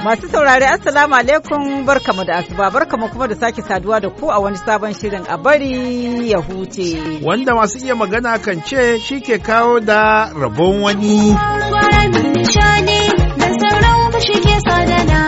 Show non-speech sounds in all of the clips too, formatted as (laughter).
Masu saurari Assalamu alaikum barkamu da asuba barkamu kuma da sake saduwa da ku a wani sabon shirin a bari ya huce. Wanda masu iya magana kan ce shi ke kawo da rabon wani. da sauran shi ke sadana.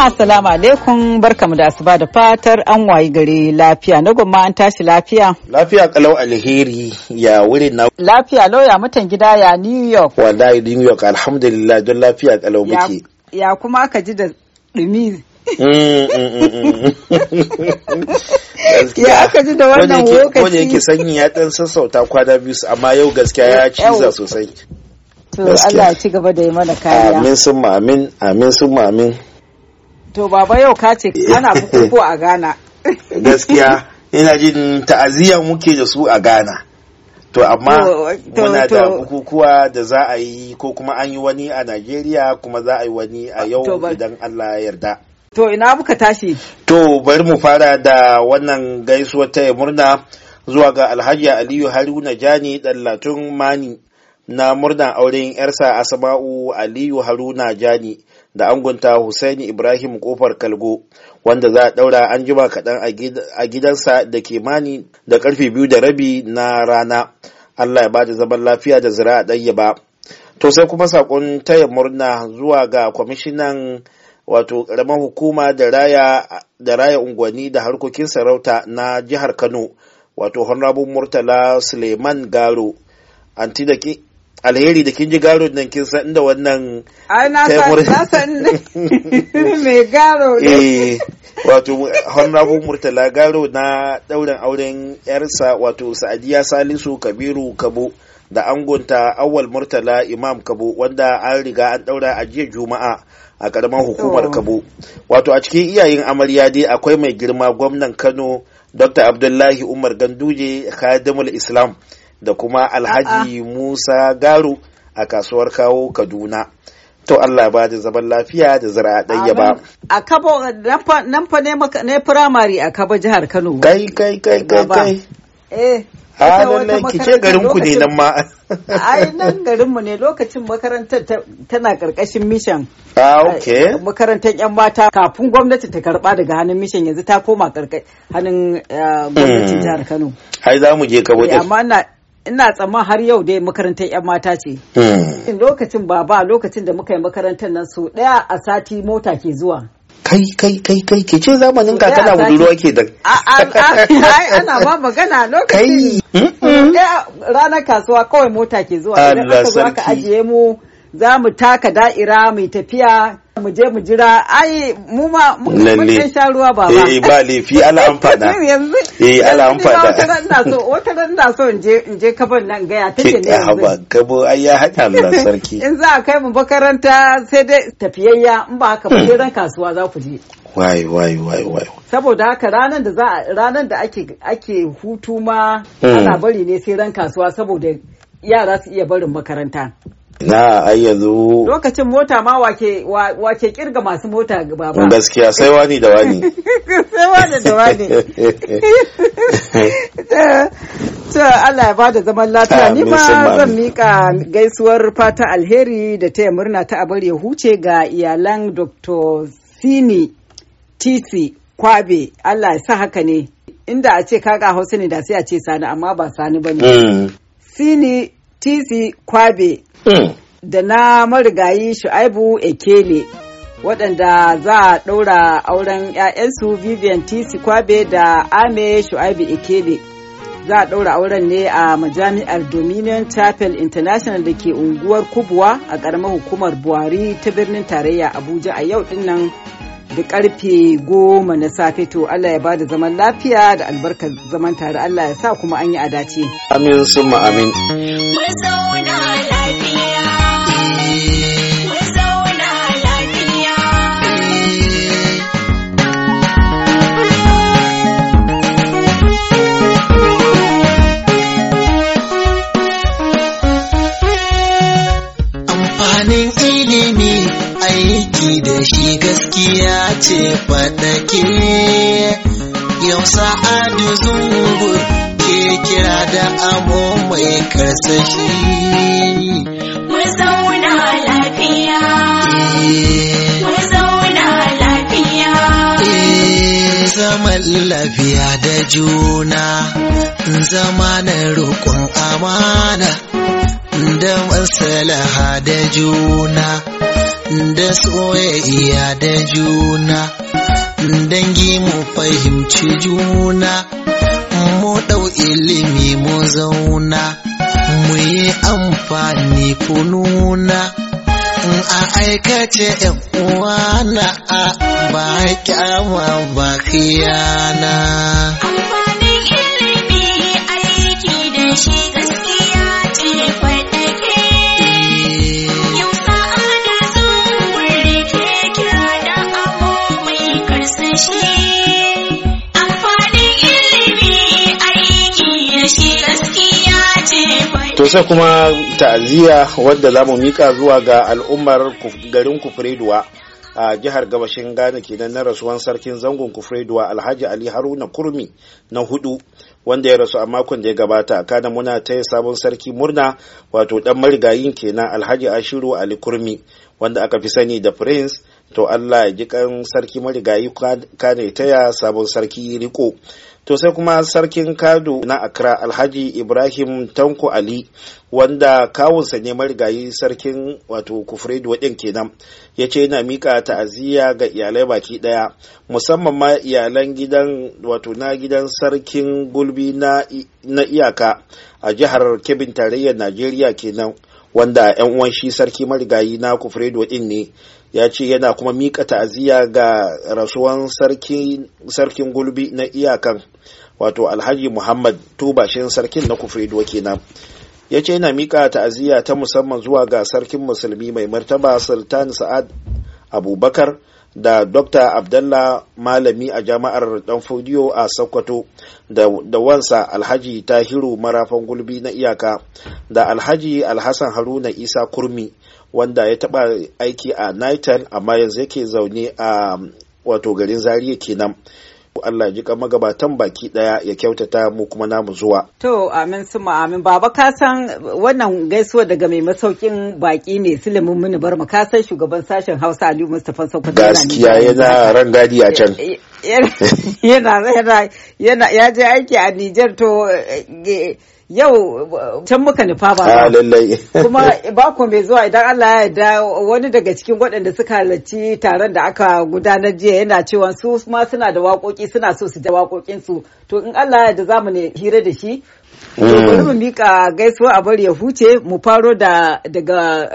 Jama'a assalamu alaikum barkamu da asuba da fatar an wayi gari lafiya na gwamma an tashi lafiya. Lafiya kalau alheri ya wuri na. Lafiya lauya mutan gida ya New York. Wallahi New York alhamdulillah don lafiya kalau muke. Ya kuma aka ji da dumi. Mm, mm, mm, (laughs) ya aka ji da wannan lokaci. wani yake sanyi ya dan sassauta kwana biyu amma yau gaskiya ya ciza sosai. To Allah ya ci gaba da yi mana kariya. Amin sun amin amin sun amin. to baba yau ka ce kana (laughs) bukukuwa a ghana (laughs) gaskiya ina jin ta'aziyya muke da su a ghana to amma muna da bukukuwa da za a yi ko kuma an yi wani a najeriya kuma za a yi wani a yau idan allah ya yarda to ina buka tashi to bari mu fara da wannan gaisuwa ta murna zuwa ga alhaji aliyu haruna jani dallatun mani na murna auren yarsa asma'u aliyu haruna jani da angunta Hussaini Ibrahim Kofar Kalgo wanda za a ɗaura an jima kaɗan a gidansa da kimani da karfe biyu da rabi na rana. Allah ya ba da zaman lafiya da zira a ɗanye ba. To sai kuma saƙon taya murna zuwa ga kwamishinan wato ƙaramin hukuma da raya da unguwanni da harkokin sarauta na jihar Kano wato Honorable Murtala Suleiman Garo. Anti alheri da kin ji garo nan kin san inda wannan ai na san (laughs) me garo ne eh, wato honorable murtala garo na daurin auren yarsa wato sa'adiya salisu kabiru kabo da angonta awwal murtala imam kabo wanda an riga an daura a jiya juma'a a karamar hukumar kabo wato a cikin iyayen amarya dai akwai mai girma gwamnan kano dr abdullahi umar ganduje khadimul islam da kuma alhaji musa garu a kasuwar kawo kaduna to Allah ba da zaman lafiya da zira ɗaya ba. A kabo nan fa ne firamare a kaba jihar Kano. Kai kai kai kai kai. Eh. A nan kike garin ku ne nan ma. Ai nan garin mu ne lokacin makarantar tana karkashin mishan. Ah okay. Eh, makarantar yan mata kafin gwamnati ta karba daga hannun mishan yanzu ta koma hannun eh, gwamnatin hmm. jihar Kano. Ai za mu je kabo. Eh, amma ina tsamman har yau dai makarantar 'yan mata ce. Hmm. Lokacin baba lokacin da muka yi makarantar nan so ɗaya a sati mota ke zuwa. kai kai kai kai ke ce zamanin ka kana budurwa ke da ana ba magana lokacin ranar kasuwa kawai mota ke zuwa idan aka zuwa ka ajiye mu za mu taka da'ira mai tafiya mu je mu jira ai mu ma mun sha ruwa ba ba eh ba fi ala amfada eh ala amfada wata ran na so in je in je kaban nan gaya take ne ba kabo ai ya hada Allah sarki (laughs) in za a kai mu makaranta sai dai tafiyayya in ba haka ba sai ran kasuwa za ku je wai wai wai wai saboda haka ranar da za ranar da ake ake hutu ma hmm. ana bari ne sai ran kasuwa saboda yara su iya barin makaranta na ai lokacin mota ma wake wake kirga masu mota ba gaskiya sai wani da wani (laughs) sai wani da wani (laughs) to Allah ya bada zaman lafiya ni ma zan mika gaisuwar fata alheri da taya murna ta abar ya huce ga iyalan Dr. Sini TC Kwabe Allah ya sa haka ne inda a ce kaga Hausa ne da sai a ce sani amma ba sani bane hmm. Sini tizi kwabe mm. da na marigayi shu'aibu ekele waɗanda za a ɗaura auren 'ya'yansu vivian Tizi kwabe da ame shu'aibu ekele za a ɗaura auren ne a majami'ar dominion chapel international da ke unguwar kubwa a ƙaramar hukumar buhari ta birnin tarayya abuja a yau ɗinnan da karfe goma na safe to Allah ya ba da zaman lafiya da albarkar zaman tare Allah ya sa kuma an yi a dace. Amin summa amin. Mun zauna shi zauna lafiya mun zauna lafiya eh. eh, zaman lafiya da juna zama na roƙon amana da masalaha da juna da soyayya da juna dangi mu fahimci juna mu ɗau ilimi mu zauna mu yi amfani ku nuna in a aikace uwa na a ba kyawa ba khiyana amfanin ilimi aiki da shi to sai kuma ta'aziyya wadda za mu mika zuwa ga al'ummar garin kufreduwa a jihar gabashin ghana kenan na rasuwan sarkin zangon kufreduwa alhaji ali haruna kurmi na hudu wanda ya rasu a makon da ya gabata kada muna taya sabon sarki murna wato dan marigayin kenan alhaji ashiru ali kurmi wanda aka fi sani da prince to Allah ya ji kan sarki marigayi kane taya sabon sarki riko to sai kuma sarkin kado na akra Alhaji Ibrahim Tanko Ali wanda kawunsa ne marigayi sarkin wato Kufredo din kenan ya ce yana mika ta'aziyya ga iyalai baki ɗaya musamman ma iyalan gidan wato na gidan sarkin gulbi na iyaka a jihar kebin tarayyar Najeriya kenan wanda 'yan uwan shi sarki marigayi na kufredu din ne ya ce yana kuma mika ta'aziyya ga rasuwan sarkin gulbi na iyakan wato alhaji muhammad tubashin sarkin na kufredo kenan ya ce yana mika ta'aziyya ta musamman zuwa ga sarkin musulmi mai martaba sultan sa'ad abubakar da dr abdullah malami a jami'ar fudiyo a sokoto da, da wansa alhaji tahiru marafan gulbi na iyaka da alhaji alhassan haruna isa kurmi wanda ya taba aiki a nitel amma yanzu yake zaune a um, wato garin zariya kenan Allah ji kan magabatan baki daya ya kyautata mu kuma namu zuwa. To amin suma amin baba ka san wannan gaisuwa daga mai masaukin baki ne Suleiman Muni Barma ka san shugaban sashen Hausa Aliyu Mustapha Sokoto. Gaskiya yana ran gadi a can. Eh, eh, (laughs) yana yana yana ya je aiki a Nijar to eh, yau can muka nufa ba ah, lallai kuma bako mai zuwa idan Allah ya yarda wani daga cikin waɗanda suka halarci taron da aka gudanar jiya yana cewa su ma suna da waƙoƙi suna so su da waƙoƙinsu su to in Allah ya yarda zamu ne hira da shi bari mm. mu mika gaisuwa a bari ya huce mu faro da daga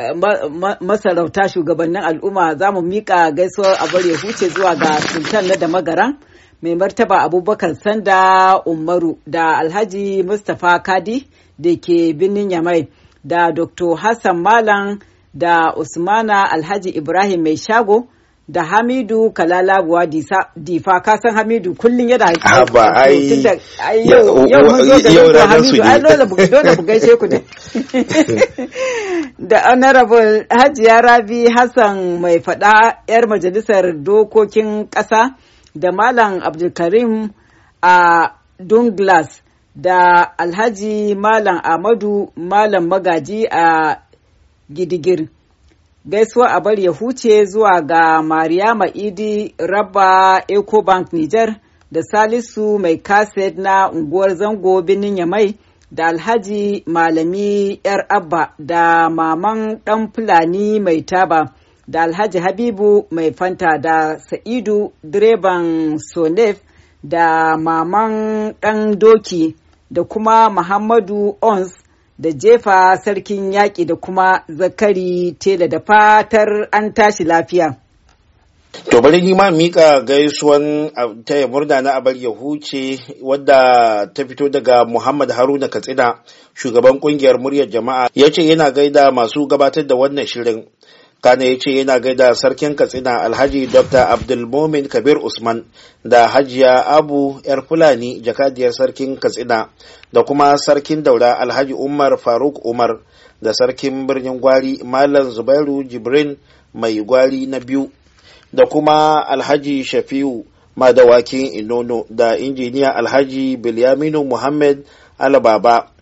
masarauta shugabannin al'umma zamu mika gaisuwa a bari ya huce zuwa ga sultan na da magaran mai martaba abubakar sanda umaru da alhaji mustapha kadi da ke birnin yamai da dr hassan malam da usmana alhaji ibrahim mai shago da hamidu kalalabuwa difa kasan hamidu kullum yana haba ah, ai yau mun zo da dr hamidu ai dole gaishe ku ne da honorable hajiya rabi hassan mai fada yar majalisar dokokin kasa da Malam Abdulkarim a Dunglas da Alhaji Malam ahmadu Malam Magaji a Gidigir. Gaisuwa a bar ya huce zuwa ga Mariama Idi Rabba Ecobank Niger da Salisu Mai Kaset na unguwar Zango Birnin Yamai da Alhaji Malami ‘yar Abba da Maman ɗan Fulani Mai Taba. da alhaji habibu mai fanta da sa'idu direban sonef da maman ɗan doki da kuma muhammadu ons da jefa sarkin yaƙi da kuma zakari tela da fatar an tashi lafiya. To bari ni ma mika gaisuwan taya murna na abar Yahuce wadda ta fito daga Muhammad Haruna Katsina shugaban kungiyar muryar jama'a ya ce yana gaida masu gabatar da wannan shirin kana ya ce yana gaida sarkin katsina alhaji dr abdulmomin kabir usman da hajiya abu yar fulani jakadiyar sarkin katsina da kuma sarkin daura alhaji umar faruk umar da sarkin birnin gwari malam zubairu jibrin mai gwari na biyu da kuma alhaji shafiu madawakin inono da injiniya alhaji bilyaminu muhammad alababa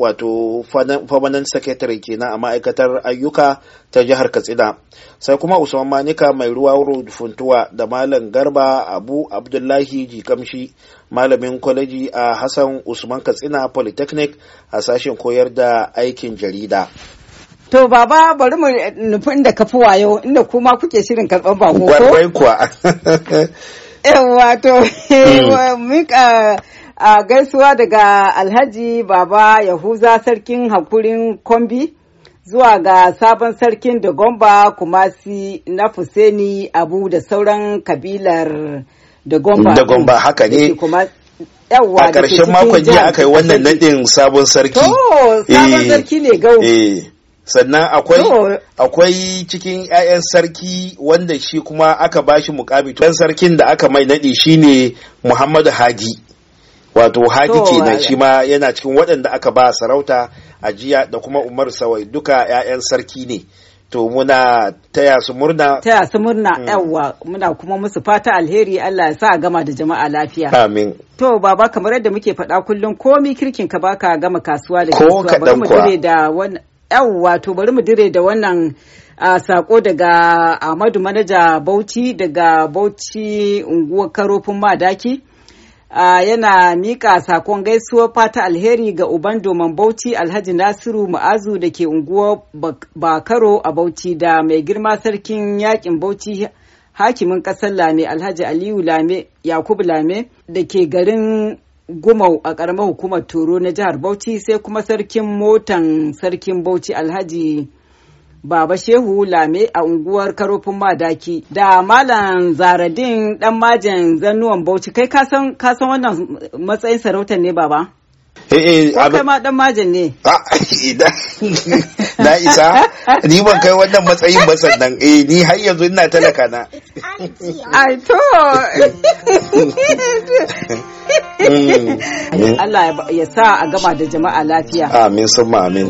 wato permanent secretary kenan a ma'aikatar ayyuka ta jihar katsina sai kuma usman manika mai ruwa funtuwa da malam garba abu abdullahi jikamshi malamin kwaleji a hassan usman katsina polytechnic a sashen koyar da aikin jarida To baba bari mu nufin da kafi wayo inda kuma kuke shirin karɓar bako ko? kuwa. (laughs) Yawwa to (laughs) hmm. a gaisuwa daga alhaji baba yahuza sarkin hakurin kombi zuwa ga sabon sarkin da gomba kumasi na fuseni abu da sauran kabilar da gomba da gomba haka ne a ƙarshen makon jiya aka yi wannan nadin sabon sarki to sabon eh, sarki ne gawo eh, sannan akwai akwai cikin 'ya'yan sarki wanda shi kuma aka bashi mukami to sarkin da aka mai nadi shine Muhammadu Hadi wato hakiki kenan shi ma yana cikin waɗanda aka ba sarauta a jiya da kuma umar sawai duka 'ya'yan sarki ne to muna taya su murna taya su murna mm. yawa muna kuma musu fata alheri Allah ya sa gama da jama'a lafiya amin to baba kamar yadda muke faɗa kullum komi kirkin ka baka gama kasuwa da kasuwa bari mu dire da wannan yawa to bari mu dire da wannan a sako daga Ahmadu manaja Bauchi daga Bauchi unguwar Karofin Madaki Uh, yana mika sakon gaisuwar fata alheri ga uban domin bauchi alhaji nasiru ma'azu da ke unguwa bakaro a bauchi da mai girma sarkin yakin bauchi hakimin kasar lame alhaji aliyu lame yakubu lame da ke garin gumau a karamar hukumar toro na jihar bauchi sai kuma sarkin motan sarkin bauchi alhaji Baba Shehu Lame a unguwar Karofin Madaki da Malam Zaradin dan majin zannuwan Bauchi kai ka san wannan matsayin sarautar ne baba? Eh eh kai ma dan majin ne. Ah, (laughs) na isa ni ban kai wannan matsayin ba sannan eh ni har yanzu ina talaka na. Ai to. (laughs) Mm. Allah ya sa a gama da jama'a lafiya. Amin summa amin.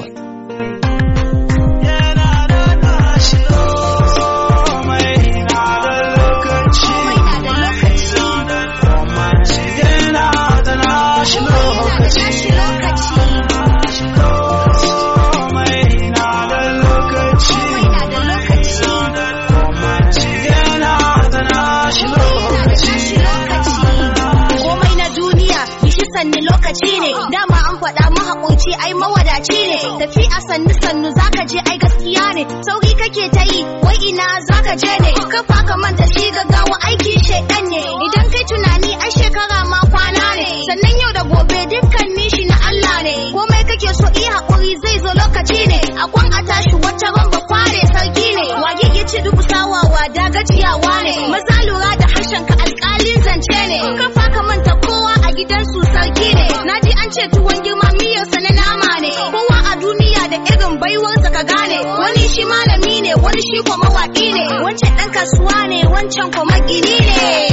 sannu sannu zaka je ai gaskiya ne sauri kake ta yi wai ina zaka je ne kafa ka manta shi ga ni ko mawaki ne wancan dan kasuwa ne wancan ko magini ne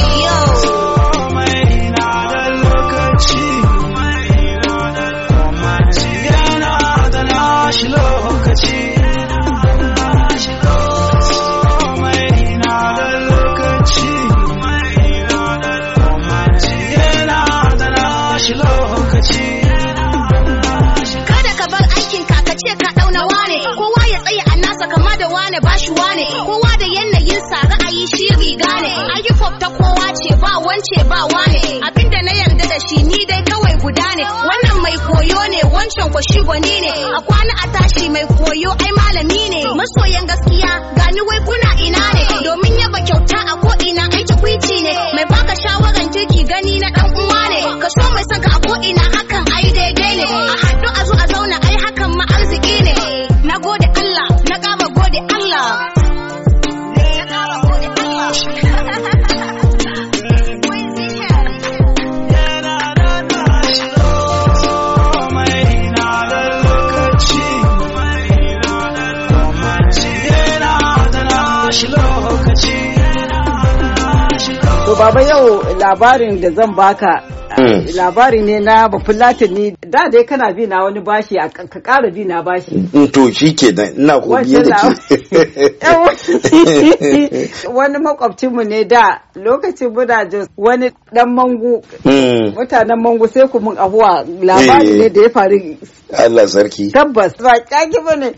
sa kama da wane ba shi wane kowa da yanayin sa ra'ayi shi riga ne ayyukan ta kowa ce ba wance ba wane abinda na yarda da shi ni dai kawai guda ne wannan mai koyo ne wancan ko shi gwani ne a kwana a tashi mai koyo ai malami ne masoyan gaskiya gani wai kuna ina ne domin yaba kyauta a ko ina ai takwici ne mai baka shawaran kirki gani na dan uwa ne ka so mai saka a ko ina haka To baba yau labarin da zan baka hmm. labari ne na latini da dai kana bi na wani bashi a ka kara bi na bashi. Mm, to shi ke ina kogiye da ke. (laughs) Wani makwabcinmu ne da lokacin jos wani dan mangu hmm. mutanen mangu sai ku mun abuwa labari eh. ne da ya faru. Allah sarki. Tabbas ba kyaki bane.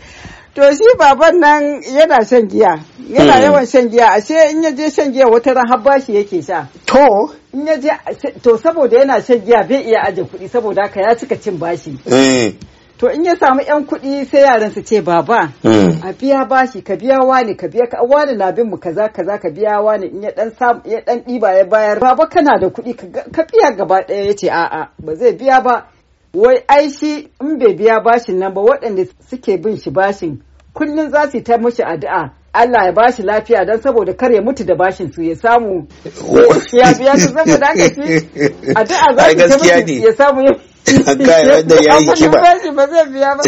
To shi baban nan yana shan giya, yana hmm. yawan shan giya, ashe in yaje je shan giya wata ran har bashi yake sha. To? In ya to saboda yana shan giya bai iya aje kuɗi saboda haka ya cika cin bashi. Eh. To in ya samu 'yan kuɗi sai yaran su ce baba, hmm. a biya bashi, ka biya wani, ka biya ka wani na bin mu kaza kaza ka biya wani in ya dan ya dan ɗiba ya bayar. Baba kana da kuɗi ka biya gaba ɗaya ya ce a'a ba zai biya ba. wai ai shi in bai biya bashin nan ba waɗanda suke bin shi bashin kullum za su ta mashi addu'a Allah ya bashi lafiya don saboda kar ya mutu da bashin su ya samu ya biya su saboda haka shi addu'a za su ta mashi ya samu kai wanda ya yi kiba ba zai biya ba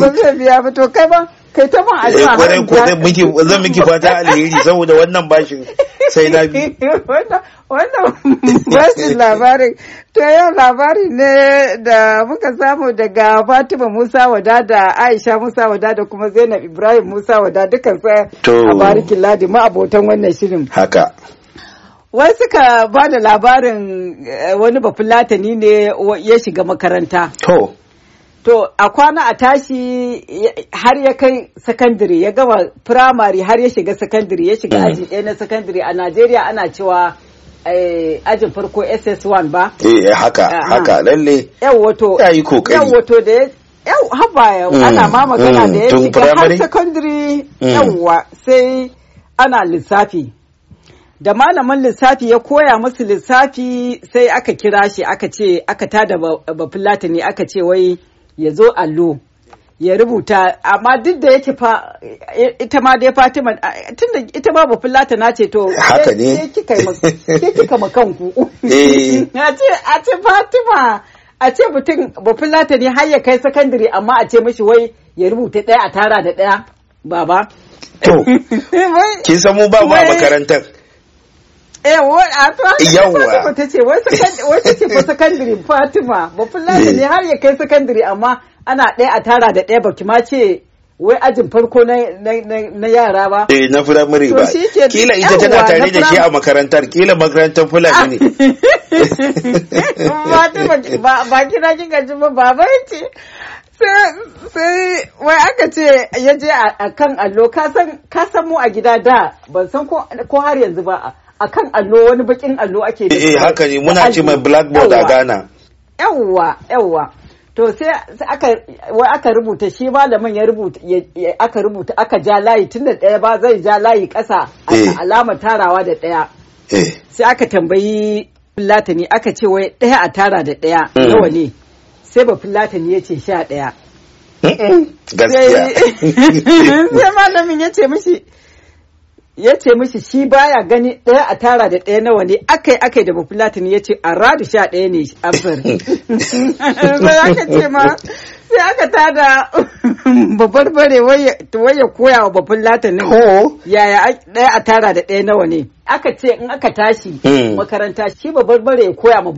ba zai biya ba to kai ba kai ta mun addu'a eh, kwarai ko zan miki zan miki fata (laughs) alheri saboda wannan bashin sai na bi wannan bashin labari to yau labari ne da muka samu daga Fatima Musa Wada da Aisha Musa Wada da kuma Zainab Ibrahim Musa Wada dukkan su a barikin ladi ma abotan wannan shirin haka Wai suka ba da labarin eh, wani bafulatani ne ya shiga makaranta. To. To a kwana a tashi har ya kai sakandare ya gama firamare har ya shiga sakandare ya shiga ajin ɗaya na sakandare a Najeriya ana cewa eh, ajin farko SS1 ba? Eh, eh haka haka lalle. Yau wato. Yau yi kokari. Yau wato da yau haba yau mm, ana ma magana mm, da ya shiga har sakandare mm. Yau sai ana lissafi. da malaman lissafi ya koya musu lissafi sai aka kira shi aka ce aka tada bafulata ne aka ce wai ya zo allo ya rubuta amma duk da yake fa ita ma dai Fatima tunda ita ma bafulata na ce to (laughs) haka ne ke kika ma kanku (laughs) eh. (laughs) a ce a ce Fatima a ce mutum bafulata ne har ya kai sakandare amma a ce mishi wai ya rubuta ɗaya a tara da ɗaya baba to kin san mu ba ma makarantar Eh, yawa fatima ta ce wata ce fa sakandare (laughs) fatima ba fulani ne har ya kai sakandare amma ana ɗaya a tara da ɗaya baki ma ce wai ajin farko na yara ba eh na firamare ba kila ita tana tare da shi a makarantar kila makarantar fulani ne (laughs) ba kina kin gaji ba baba ce sai wai aka ce ya je a kan allo Ka san mu a gida da ban san ko har yanzu ba a. akan allo wani bakin allo ake da eh, eh haka ne muna ce mai blackboard a Ghana yawwa yawwa to sai aka wai aka rubuta shi malamin ya rubuta aka rubuta aka ja layi tunda daya ba zai ja layi kasa eh. alama tarawa da daya eh. sai aka tambayi filatani aka ce wai daya a tara da daya hmm. nawa ne sai ba filatani ya ce sha daya hmm? gaskiya (laughs) sai malamin ya ce mishi ya ce mishi shi baya gani ɗaya a tara da ɗaya nawa ne akai akai da latin ya ce a radu sha ɗaya ne abin sai (laughs) aka ce ma sai aka tada (laughs) babbar bare ya koya wa ne yaya ɗaya a tara da ɗaya nawa ne aka ce in aka tashi hmm. makaranta shi babbar bare ya koya ma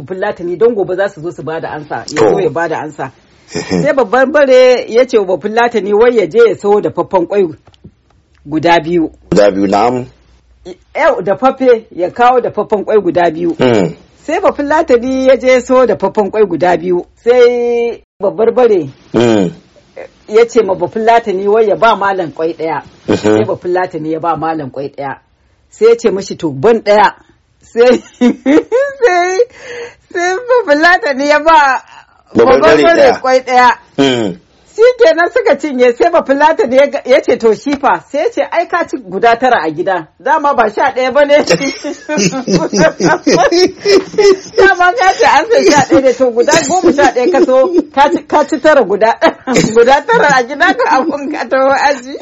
ne don gobe za su zo su bada ansa ya zo ya bada ansa (laughs) sai babban bare ya ce wa bafin ne wai ya je ya sau da faffan kwai guda biyu guda biyu na'am yau da fafe ya kawo da faffen kwai guda biyu hmm. sai bafin latani ya je so da faffen kwai guda biyu sai babbar bare hmm. ya ce ma bafin latani wai ya ba malam kwai daya hmm. sai bafin latani ya ba malam kwai daya sai ya ce mashi to ban daya (laughs) sai sai sai bafin latani ya ba babbar bare kwai daya shi kenan suka cinye sai ba filata da ya ce to shi fa sai ya ce ai ka ci guda tara a gida dama ba sha ɗaya ba ne (laughs) dama ka ce an sai sha ɗaya ne to guda goma sha ɗaya ka so ka ci tara guda (laughs) guda tara a gida ka abun ka ta aji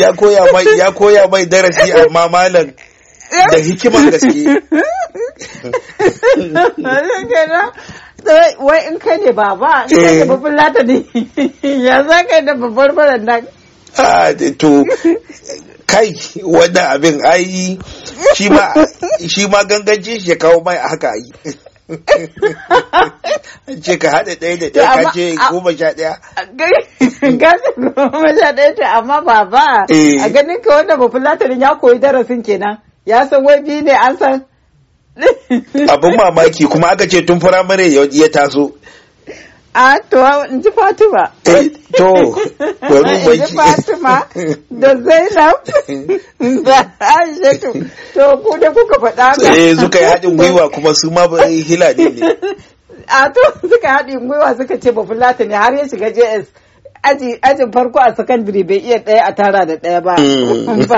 ya koya mai ya koya mai darasi amma malam da hikimar gaske (laughs) Eh, wai in kai ne baba in kai ne eh. babban lata ne (laughs) ya za ka yi da babbar baran nan ah, eh, to kai wannan abin ai shi ma shi ma gangancin shi ya kawo mai haka yi (laughs) ce ka haɗa ɗaya da ɗaya ka ce goma sha ɗaya. Gasa (laughs) goma sha ɗaya ce amma baba a ganin ka wanda ba fulatanin ya koyi darasin kenan ya san wai biyu ne an san abin mamaki kuma aka ce tun firamare ya taso a to in ji fatima eh, to wani (laughs) in ji fatima da zainab (laughs) da aishatu to ku da kuka faɗa ka eh suka yi haɗin gwiwa kuma su ma hilani ne (laughs) a to suka yi haɗin gwiwa suka ce ba fulata ne har ya shiga js ajin farko a sakandare bai iya ɗaya a tara da ɗaya ba. Mm. (laughs)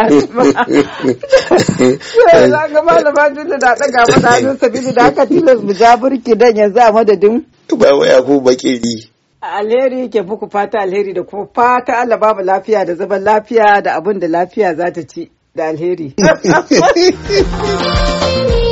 Za ga malama Jule da ɗaga mana hannun sabili da aka tilas mu ja burki dan yanzu a madadin. Ba ya ku bakiri. Alheri ke muku fata alheri da kuma fata Allah babu lafiya da zaman lafiya da abin da lafiya za ta ci da alheri. (laughs)